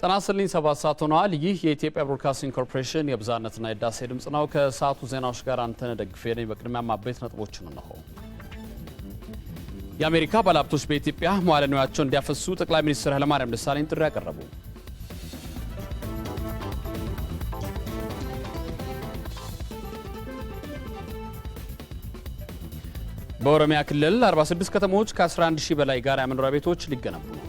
ጤና ይስጥልኝ። ሰባት ሰዓት ሆነዋል። ይህ የኢትዮጵያ ብሮድካስቲንግ ኮርፖሬሽን የብዝሃነትና የዳሴ ድምፅ ነው። ከሰዓቱ ዜናዎች ጋር አንተነህ ደግፌ ነኝ። በቅድሚያ ማበይት ነጥቦችን እነሆ። የአሜሪካ ባለሀብቶች በኢትዮጵያ መዋለ ንዋያቸውን እንዲያፈሱ ጠቅላይ ሚኒስትር ኃይለማርያም ደሳለኝ ጥሪ ያቀረቡ። በኦሮሚያ ክልል 46 ከተሞች ከ11 ሺህ በላይ ጋራ መኖሪያ ቤቶች ሊገነቡ ነው።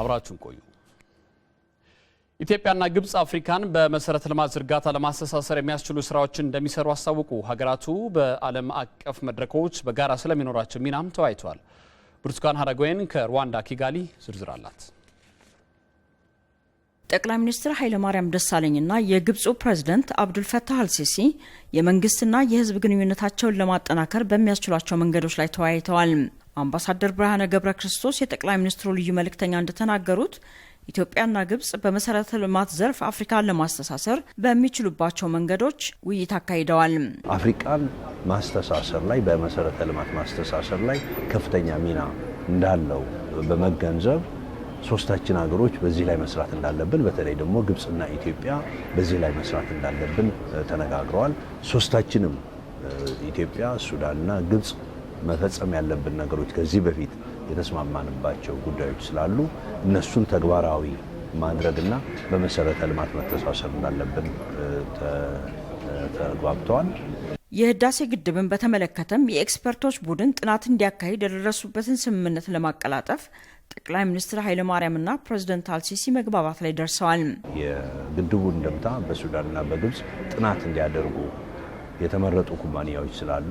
አብራችሁን ቆዩ። ኢትዮጵያና ግብፅ አፍሪካን በመሰረተ ልማት ዝርጋታ ለማስተሳሰር የሚያስችሉ ስራዎችን እንደሚሰሩ አስታወቁ። ሀገራቱ በዓለም አቀፍ መድረኮች በጋራ ስለሚኖራቸው ሚናም ተወያይተዋል። ብርቱካን ሀረጎይን ከሩዋንዳ ኪጋሊ ዝርዝር አላት። ጠቅላይ ሚኒስትር ኃይለማርያም ደሳለኝና የግብፁ ፕሬዝደንት አብዱልፈታህ አልሲሲ የመንግስትና የህዝብ ግንኙነታቸውን ለማጠናከር በሚያስችሏቸው መንገዶች ላይ ተወያይተዋል። አምባሳደር ብርሃነ ገብረ ክርስቶስ የጠቅላይ ሚኒስትሩ ልዩ መልእክተኛ እንደተናገሩት ኢትዮጵያና ግብጽ በመሰረተ ልማት ዘርፍ አፍሪካን ለማስተሳሰር በሚችሉባቸው መንገዶች ውይይት አካሂደዋል። አፍሪካን ማስተሳሰር ላይ በመሰረተ ልማት ማስተሳሰር ላይ ከፍተኛ ሚና እንዳለው በመገንዘብ ሶስታችን ሀገሮች በዚህ ላይ መስራት እንዳለብን በተለይ ደግሞ ግብጽና ኢትዮጵያ በዚህ ላይ መስራት እንዳለብን ተነጋግረዋል። ሶስታችንም ኢትዮጵያ፣ ሱዳንና ግብጽ መፈጸም ያለብን ነገሮች ከዚህ በፊት የተስማማንባቸው ጉዳዮች ስላሉ እነሱን ተግባራዊ ማድረግና በመሰረተ ልማት መተሳሰብ እንዳለብን ተግባብተዋል። የህዳሴ ግድብን በተመለከተም የኤክስፐርቶች ቡድን ጥናት እንዲያካሂድ የደረሱበትን ስምምነት ለማቀላጠፍ ጠቅላይ ሚኒስትር ኃይለማርያምና ፕሬዚደንት አልሲሲ መግባባት ላይ ደርሰዋል። የግድቡ እንደምታ በሱዳንና በግብጽ ጥናት እንዲያደርጉ የተመረጡ ኩባንያዎች ስላሉ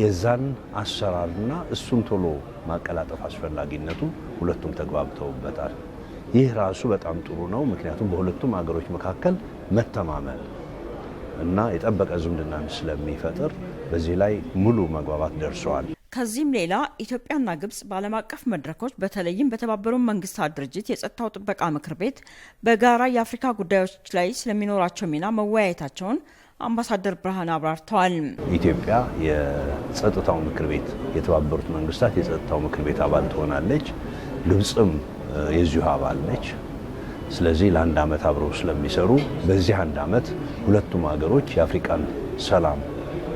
የዛን አሰራርና እሱን ቶሎ ማቀላጠፍ አስፈላጊነቱ ሁለቱም ተግባብተውበታል። ይህ ራሱ በጣም ጥሩ ነው። ምክንያቱም በሁለቱም ሀገሮች መካከል መተማመን እና የጠበቀ ዝምድናን ስለሚፈጥር በዚህ ላይ ሙሉ መግባባት ደርሰዋል። ከዚህም ሌላ ኢትዮጵያና ግብጽ በዓለም አቀፍ መድረኮች በተለይም በተባበሩት መንግስታት ድርጅት የጸጥታው ጥበቃ ምክር ቤት በጋራ የአፍሪካ ጉዳዮች ላይ ስለሚኖራቸው ሚና መወያየታቸውን አምባሳደር ብርሃን አብራርተዋል። ኢትዮጵያ የጸጥታው ምክር ቤት የተባበሩት መንግስታት የጸጥታው ምክር ቤት አባል ትሆናለች። ግብፅም የዚሁ አባል ነች። ስለዚህ ለአንድ ዓመት አብረው ስለሚሰሩ በዚህ አንድ ዓመት ሁለቱም ሀገሮች የአፍሪቃን ሰላም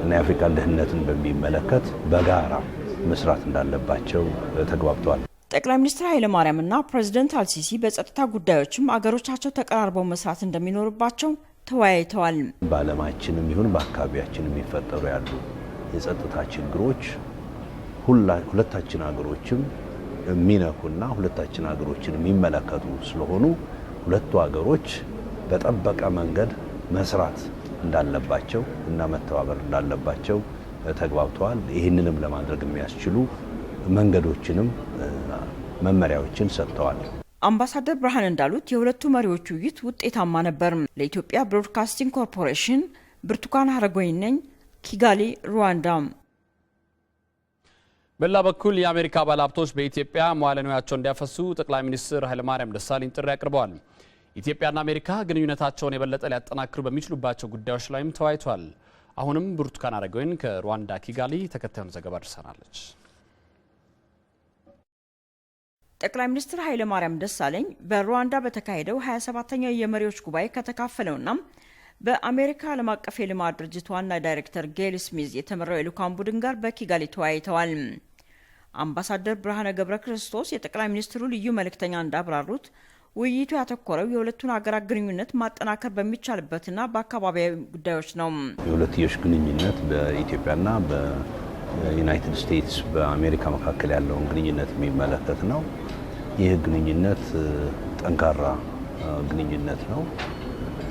እና የአፍሪቃን ደህንነትን በሚመለከት በጋራ መስራት እንዳለባቸው ተግባብተዋል። ጠቅላይ ሚኒስትር እና ፕሬዚደንት አልሲሲ በጸጥታ ጉዳዮችም አገሮቻቸው ተቀራርበው መስራት እንደሚኖርባቸው ተወያይተዋል። በዓለማችንም ይሁን በአካባቢያችን የሚፈጠሩ ያሉ የጸጥታ ችግሮች ሁለታችን ሀገሮችም የሚነኩና ሁለታችን ሀገሮችን የሚመለከቱ ስለሆኑ ሁለቱ ሀገሮች በጠበቀ መንገድ መስራት እንዳለባቸው እና መተባበር እንዳለባቸው ተግባብተዋል። ይህንንም ለማድረግ የሚያስችሉ መንገዶችንም መመሪያዎችን ሰጥተዋል። አምባሳደር ብርሃን እንዳሉት የሁለቱ መሪዎች ውይይት ውጤታማ ነበር። ለኢትዮጵያ ብሮድካስቲንግ ኮርፖሬሽን ብርቱካን አረጎኝ ነኝ፣ ኪጋሊ ሩዋንዳ። በሌላ በኩል የአሜሪካ ባለሀብቶች በኢትዮጵያ መዋለ ንዋያቸውን እንዲያፈሱ ጠቅላይ ሚኒስትር ኃይለማርያም ደሳለኝ ጥሪ አቅርበዋል። ኢትዮጵያና አሜሪካ ግንኙነታቸውን የበለጠ ሊያጠናክሩ በሚችሉባቸው ጉዳዮች ላይም ተወያይቷል። አሁንም ብርቱካን አረጋዊን ከሩዋንዳ ኪጋሊ ተከታዩን ዘገባ አድርሰናለች። ጠቅላይ ሚኒስትር ኃይለማርያም ደሳለኝ በሩዋንዳ በተካሄደው 27ተኛው የመሪዎች ጉባኤ ከተካፈለውና በአሜሪካ ዓለም አቀፍ የልማት ድርጅት ዋና ዳይሬክተር ጌል ስሚዝ የተመራው የልዑካን ቡድን ጋር በኪጋሊ ተወያይተዋል። አምባሳደር ብርሃነ ገብረ ክርስቶስ የጠቅላይ ሚኒስትሩ ልዩ መልእክተኛ እንዳብራሩት ውይይቱ ያተኮረው የሁለቱን ሀገራት ግንኙነት ማጠናከር በሚቻልበትና በአካባቢያዊ ጉዳዮች ነው። የሁለትዮሽ ግንኙነት በኢትዮጵያና ዩናይትድ ስቴትስ በአሜሪካ መካከል ያለውን ግንኙነት የሚመለከት ነው። ይህ ግንኙነት ጠንካራ ግንኙነት ነው።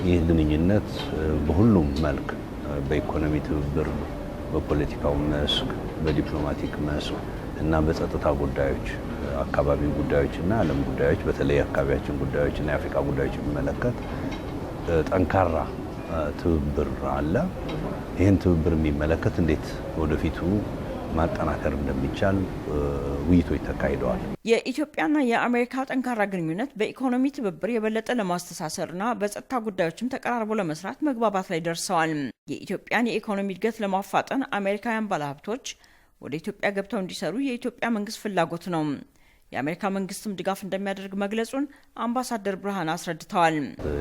ይህ ግንኙነት በሁሉም መልክ በኢኮኖሚ ትብብር፣ በፖለቲካው መስክ፣ በዲፕሎማቲክ መስክ እና በጸጥታ ጉዳዮች፣ አካባቢ ጉዳዮች እና ዓለም ጉዳዮች በተለይ አካባቢያችን ጉዳዮች እና የአፍሪካ ጉዳዮች የሚመለከት ጠንካራ ትብብር አለ። ይህን ትብብር የሚመለከት እንዴት ወደፊቱ ማጠናከር እንደሚቻል ውይይቶች ተካሂደዋል። የኢትዮጵያና የአሜሪካ ጠንካራ ግንኙነት በኢኮኖሚ ትብብር የበለጠ ለማስተሳሰርና በጸጥታ ጉዳዮችም ተቀራርቦ ለመስራት መግባባት ላይ ደርሰዋል። የኢትዮጵያን የኢኮኖሚ እድገት ለማፋጠን አሜሪካውያን ባለሀብቶች ወደ ኢትዮጵያ ገብተው እንዲሰሩ የኢትዮጵያ መንግስት ፍላጎት ነው። የአሜሪካ መንግስትም ድጋፍ እንደሚያደርግ መግለጹን አምባሳደር ብርሃን አስረድተዋል።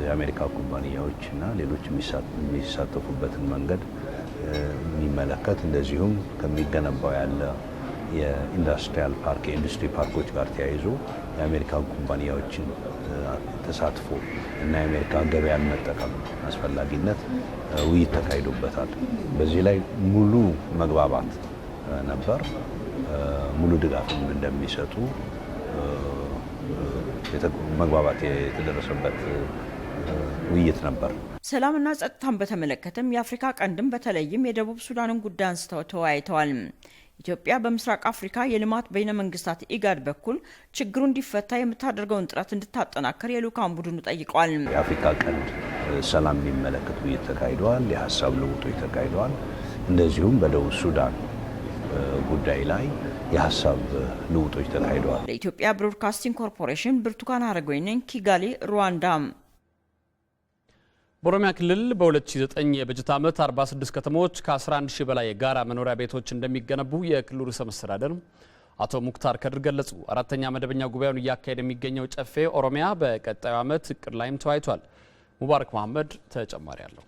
የአሜሪካ ኩባንያዎች እና ሌሎች የሚሳተፉበትን መንገድ የሚመለከት እንደዚሁም ከሚገነባው ያለ የኢንዱስትሪያል ፓርክ የኢንዱስትሪ ፓርኮች ጋር ተያይዞ የአሜሪካ ኩባንያዎችን ተሳትፎ እና የአሜሪካ ገበያን መጠቀም አስፈላጊነት ውይይት ተካሂዶበታል። በዚህ ላይ ሙሉ መግባባት ነበር። ሙሉ ድጋፍም እንደሚሰጡ መግባባት የተደረሰበት ውይይት ነበር። ሰላምና ጸጥታን በተመለከተም የአፍሪካ ቀንድም በተለይም የደቡብ ሱዳንን ጉዳይ አንስተው ተወያይተዋል። ኢትዮጵያ በምስራቅ አፍሪካ የልማት በይነ መንግስታት ኢጋድ በኩል ችግሩ እንዲፈታ የምታደርገውን ጥረት እንድታጠናከር የልዑካን ቡድኑ ጠይቋል። የአፍሪካ ቀንድ ሰላም የሚመለከት ውይይት ተካሂደዋል። የሀሳብ ልውጦች ተካሂደዋል። እንደዚሁም በደቡብ ሱዳን ጉዳይ ላይ የሀሳብ ልውጦች ተካሂደዋል። ለኢትዮጵያ ብሮድካስቲንግ ኮርፖሬሽን ብርቱካን አረጋዊ ነኝ፣ ኪጋሊ ሩዋንዳ። በኦሮሚያ ክልል በ2009 የበጀት ዓመት 46 ከተሞች ከ11 ሺህ በላይ የጋራ መኖሪያ ቤቶች እንደሚገነቡ የክልሉ ርዕሰ መስተዳደር አቶ ሙክታር ከድር ገለጹ። አራተኛ መደበኛ ጉባኤውን እያካሄደ የሚገኘው ጨፌ ኦሮሚያ በቀጣዩ ዓመት እቅድ ላይም ተወያይቷል። ሙባረክ መሐመድ ተጨማሪ አለው።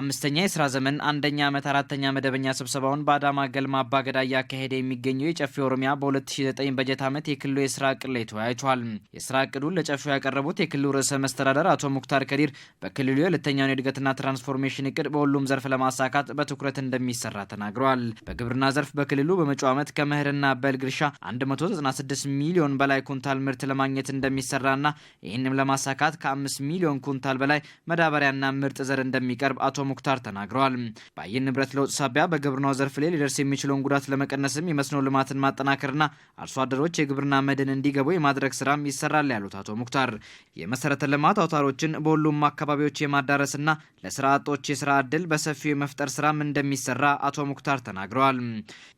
አምስተኛ የስራ ዘመን አንደኛ ዓመት አራተኛ መደበኛ ስብሰባውን በአዳማ ገልማ አባገዳ እያካሄደ የሚገኘው የጨፌ ኦሮሚያ በ2009 በጀት ዓመት የክልሉ የስራ እቅድ ላይ ተወያይቷል። የስራ እቅዱን ለጨፌው ያቀረቡት የክልሉ ርዕሰ መስተዳደር አቶ ሙክታር ከዲር በክልሉ የሁለተኛውን የእድገትና ትራንስፎርሜሽን እቅድ በሁሉም ዘርፍ ለማሳካት በትኩረት እንደሚሰራ ተናግረዋል። በግብርና ዘርፍ በክልሉ በመጪው ዓመት ከምህርና በልግ እርሻ 196 ሚሊዮን በላይ ኩንታል ምርት ለማግኘት እንደሚሰራና ይህንም ለማሳካት ከ5 ሚሊዮን ኩንታል በላይ መዳበሪያና ምርጥ ዘር እንደሚቀርብ አቶ ሙክታር ተናግረዋል። በአየር ንብረት ለውጥ ሳቢያ በግብርናው ዘርፍ ላይ ሊደርስ የሚችለውን ጉዳት ለመቀነስም የመስኖ ልማትን ማጠናከርና አርሶ አደሮች የግብርና መድን እንዲገቡ የማድረግ ስራም ይሰራል ያሉት አቶ ሙክታር የመሰረተ ልማት አውታሮችን በሁሉም አካባቢዎች የማዳረስና ለስራ አጦች የስራ እድል በሰፊው የመፍጠር ስራም እንደሚሰራ አቶ ሙክታር ተናግረዋል።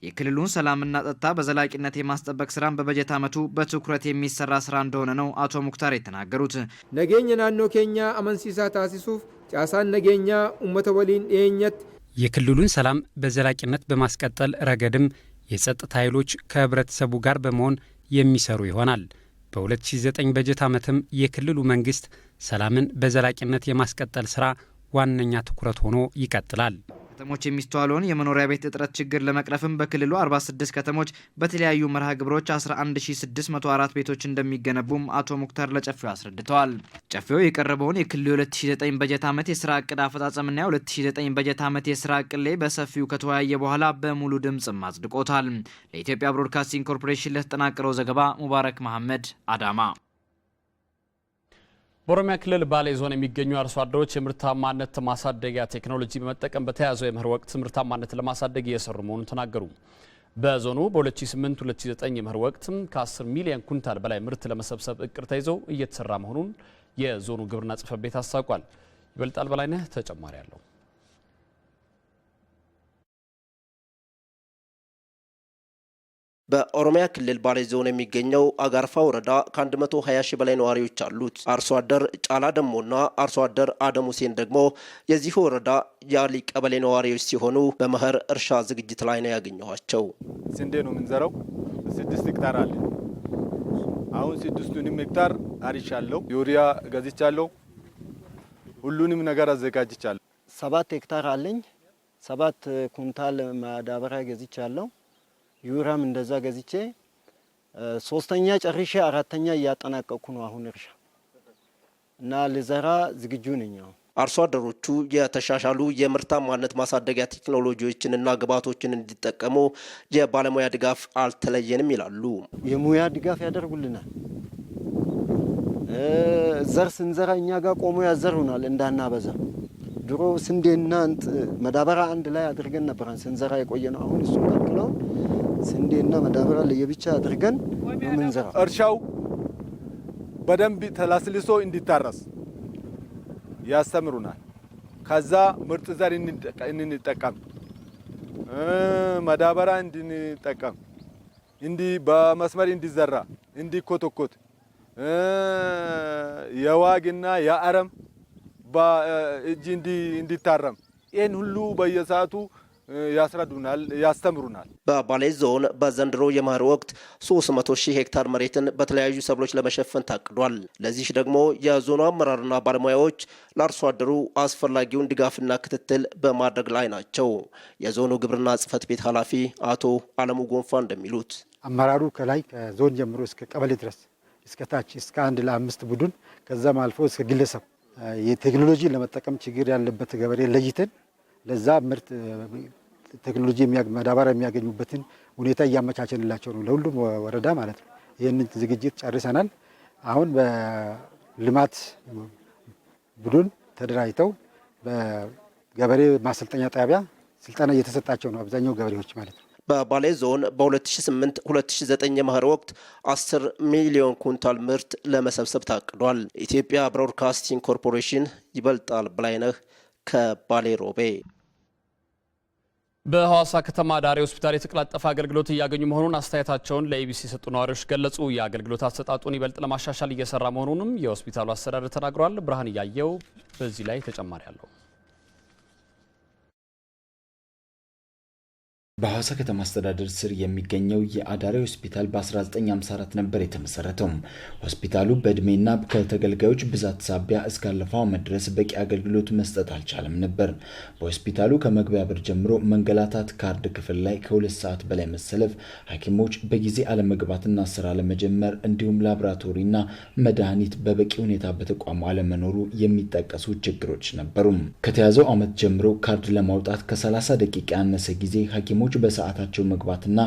የክልሉን ሰላምና ጸጥታ በዘላቂነት የማስጠበቅ ስራም በበጀት ዓመቱ በትኩረት የሚሰራ ስራ እንደሆነ ነው አቶ ሙክታር የተናገሩት ነገኝ ናኖ ኬኛ አመንሲሳ ታሲሱፍ ጫሳን nageenyaa uummata ወሊን dhiyeenyatti የክልሉን ሰላም በዘላቂነት በማስቀጠል ረገድም የጸጥታ ኃይሎች ከህብረተሰቡ ጋር በመሆን የሚሰሩ ይሆናል። በ2009 በጀት ዓመትም የክልሉ መንግስት ሰላምን በዘላቂነት የማስቀጠል ስራ ዋነኛ ትኩረት ሆኖ ይቀጥላል። ከተሞች የሚስተዋለውን የመኖሪያ ቤት እጥረት ችግር ለመቅረፍም በክልሉ 46 ከተሞች በተለያዩ መርሃ ግብሮች 11604 ቤቶች እንደሚገነቡም አቶ ሙክታር ለጨፌው አስረድተዋል። ጨፌው የቀረበውን የክልሉ 2009 በጀት ዓመት የስራ እቅድ አፈጻጸምና የ2009 በጀት ዓመት የስራ እቅድ ላይ በሰፊው ከተወያየ በኋላ በሙሉ ድምፅም አጽድቆታል። ለኢትዮጵያ ብሮድካስቲንግ ኮርፖሬሽን ለተጠናቀረው ዘገባ ሙባረክ መሐመድ አዳማ በኦሮሚያ ክልል ባሌ ዞን የሚገኙ አርሶ አደሮች የምርታማነት ማሳደጊያ ቴክኖሎጂ በመጠቀም በተያያዘው የመኸር ወቅት ምርታማነት ለማሳደግ እየሰሩ መሆኑን ተናገሩ። በዞኑ በ2008/2009 የመኸር ወቅት ከ10 ሚሊዮን ኩንታል በላይ ምርት ለመሰብሰብ እቅድ ተይዞ እየተሰራ መሆኑን የዞኑ ግብርና ጽሕፈት ቤት አስታውቋል። ይበልጣል በላይነህ ተጨማሪ አለው። በኦሮሚያ ክልል ባሌ ዞን የሚገኘው አጋርፋ ወረዳ ከ120 ሺህ በላይ ነዋሪዎች አሉት። አርሶ አደር ጫላ ደሞና አርሶ አደር አደም ሁሴን ደግሞ የዚሁ ወረዳ ያሊ ቀበሌ ነዋሪዎች ሲሆኑ በመኸር እርሻ ዝግጅት ላይ ነው ያገኘኋቸው። ስንዴ ነው የምንዘራው። ስድስት ሄክታር አለ። አሁን ስድስቱንም ሄክታር አርሻለሁ። ዩሪያ ገዝቻለሁ። ሁሉንም ነገር አዘጋጅቻለሁ። ሰባት ሄክታር አለኝ። ሰባት ኩንታል ማዳበሪያ ገዝቻለሁ። ዩራም እንደዛ ገዝቼ ሶስተኛ ጨርሼ አራተኛ እያጠናቀቅኩ ነው አሁን እርሻ እና ልዘራ ዝግጁ ነኝ። አርሶ አደሮቹ የተሻሻሉ የምርታማነት ማሳደጊያ ቴክኖሎጂዎችንና ግብዓቶችን እንዲጠቀሙ የባለሙያ ድጋፍ አልተለየንም ይላሉ። የሙያ ድጋፍ ያደርጉልናል። ዘር ስንዘራ እኛ ጋር ቆሞ ያዘሩናል እንዳናበዛ ድሮ ስንዴና መዳበራ አንድ ላይ አድርገን ነበረን ስንዘራ የቆየ ነው። አሁን እሱን ከልክለው ስንዴና መዳበራ ለየብቻ አድርገን ምንዘራ። እርሻው በደንብ ተላስልሶ እንዲታረስ ያስተምሩናል። ከዛ ምርጥ ዘር እንንጠቀም፣ መዳበራ እንድንጠቀም፣ እንዲ በመስመር እንዲዘራ እንዲኮተኮት የዋግና የአረም እጅ እንዲታረም ይህን ሁሉ በየሰዓቱ ያስረዱናል፣ ያስተምሩናል። በባሌ ዞን በዘንድሮ የመኸር ወቅት 300 ሺህ ሄክታር መሬትን በተለያዩ ሰብሎች ለመሸፈን ታቅዷል። ለዚህ ደግሞ የዞኑ አመራርና ባለሙያዎች ለአርሶ አደሩ አስፈላጊውን ድጋፍና ክትትል በማድረግ ላይ ናቸው። የዞኑ ግብርና ጽሕፈት ቤት ኃላፊ አቶ አለሙ ጎንፋ እንደሚሉት አመራሩ ከላይ ከዞን ጀምሮ እስከ ቀበሌ ድረስ እስከ ታች እስከ አንድ ለአምስት ቡድን ከዛም አልፎ እስከ ግለሰብ የቴክኖሎጂ ለመጠቀም ችግር ያለበት ገበሬ ለይተን ለዛ ምርት ቴክኖሎጂ ማዳበሪያ የሚያገኙበትን ሁኔታ እያመቻቸንላቸው ነው፣ ለሁሉም ወረዳ ማለት ነው። ይህንን ዝግጅት ጨርሰናል። አሁን በልማት ቡድን ተደራጅተው በገበሬ ማሰልጠኛ ጣቢያ ስልጠና እየተሰጣቸው ነው፣ አብዛኛው ገበሬዎች ማለት ነው። በባሌ ዞን በ2008 2009 የመኸር ወቅት 10 ሚሊዮን ኩንታል ምርት ለመሰብሰብ ታቅዷል። ኢትዮጵያ ብሮድካስቲንግ ኮርፖሬሽን ይበልጣል ብላይነህ ከባሌ ሮቤ። በሐዋሳ ከተማ ዳሬ ሆስፒታል የተቀላጠፈ አገልግሎት እያገኙ መሆኑን አስተያየታቸውን ለኢቢሲ የሰጡ ነዋሪዎች ገለጹ። የአገልግሎት አሰጣጡን ይበልጥ ለማሻሻል እየሰራ መሆኑንም የሆስፒታሉ አስተዳደር ተናግሯል። ብርሃን እያየው በዚህ ላይ ተጨማሪ አለው። በሐዋሳ ከተማ አስተዳደር ስር የሚገኘው የአዳሪ ሆስፒታል በ1954 ነበር የተመሰረተው። ሆስፒታሉ በእድሜና ከተገልጋዮች ብዛት ሳቢያ እስካለፈው ዓመት ድረስ በቂ አገልግሎት መስጠት አልቻለም ነበር። በሆስፒታሉ ከመግቢያ ብር ጀምሮ መንገላታት፣ ካርድ ክፍል ላይ ከሁለት ሰዓት በላይ መሰለፍ፣ ሐኪሞች በጊዜ አለመግባትና ስራ አለመጀመር እንዲሁም ላቦራቶሪና መድኃኒት በበቂ ሁኔታ በተቋሙ አለመኖሩ የሚጠቀሱ ችግሮች ነበሩ። ከተያዘው ዓመት ጀምሮ ካርድ ለማውጣት ከ30 ደቂቃ ያነሰ ጊዜ ሐኪሞች ሐኪሞች በሰዓታቸው መግባትና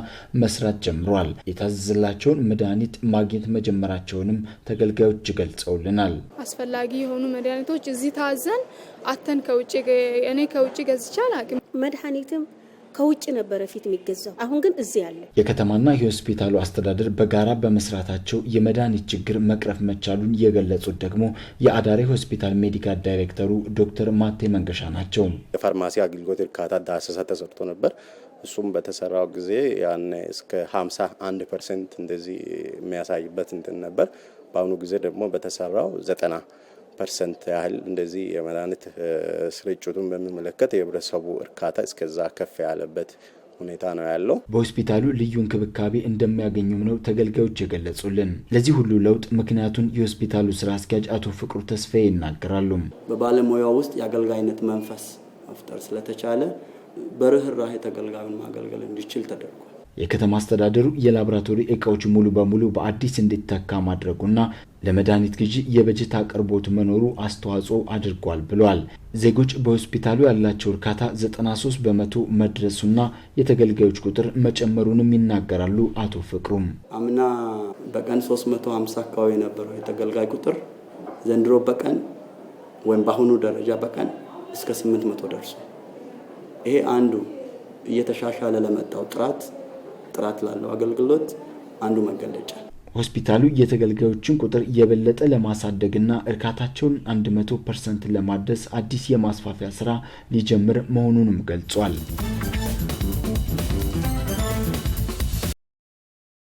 መስራት ጀምሯል። የታዘዘላቸውን መድኃኒት ማግኘት መጀመራቸውንም ተገልጋዮች ገልጸውልናል። አስፈላጊ የሆኑ መድኃኒቶች እዚህ ታዘን አተን ከውጭ እኔ ከውጭ ገዝቻል ሐኪም መድኃኒትም ከውጭ ነበረ ፊት የሚገዛው አሁን ግን እዚህ ያለ የከተማና የሆስፒታሉ አስተዳደር በጋራ በመስራታቸው የመድኃኒት ችግር መቅረፍ መቻሉን የገለጹት ደግሞ የአዳሪ ሆስፒታል ሜዲካል ዳይሬክተሩ ዶክተር ማቴ መንገሻ ናቸው። የፋርማሲ አገልግሎት እርካታ ዳሰሳ ተሰጥቶ ነበር። እሱም በተሰራው ጊዜ ያኔ እስከ 51 ፐርሰንት እንደዚህ የሚያሳይበት እንትን ነበር። በአሁኑ ጊዜ ደግሞ በተሰራው 90 ፐርሰንት ያህል እንደዚህ የመድኃኒት ስርጭቱን በሚመለከት የህብረተሰቡ እርካታ እስከዛ ከፍ ያለበት ሁኔታ ነው ያለው። በሆስፒታሉ ልዩ እንክብካቤ እንደሚያገኙም ነው ተገልጋዮች የገለጹልን። ለዚህ ሁሉ ለውጥ ምክንያቱን የሆስፒታሉ ስራ አስኪያጅ አቶ ፍቅሩ ተስፋዬ ይናገራሉ። በባለሙያ ውስጥ የአገልጋይነት መንፈስ መፍጠር ስለተቻለ በርኅራኄ ተገልጋዩን ማገልገል እንዲችል ተደርጓል። የከተማ አስተዳደሩ የላቦራቶሪ እቃዎች ሙሉ በሙሉ በአዲስ እንዲተካ ማድረጉና ለመድኃኒት ግዢ የበጀት አቅርቦት መኖሩ አስተዋጽኦ አድርጓል ብሏል። ዜጎች በሆስፒታሉ ያላቸው እርካታ 93 በመቶ መድረሱና የተገልጋዮች ቁጥር መጨመሩንም ይናገራሉ። አቶ ፍቅሩም አምና በቀን 350 አካባቢ የነበረው የተገልጋይ ቁጥር ዘንድሮ በቀን ወይም በአሁኑ ደረጃ በቀን እስከ 800 ደርሷል። ይሄ አንዱ እየተሻሻለ ለመጣው ጥራት ጥራት ላለው አገልግሎት አንዱ መገለጫ ሆስፒታሉ የተገልጋዮችን ቁጥር እየበለጠ ለማሳደግና እርካታቸውን 100 ፐርሰንት ለማድረስ አዲስ የማስፋፊያ ስራ ሊጀምር መሆኑንም ገልጿል።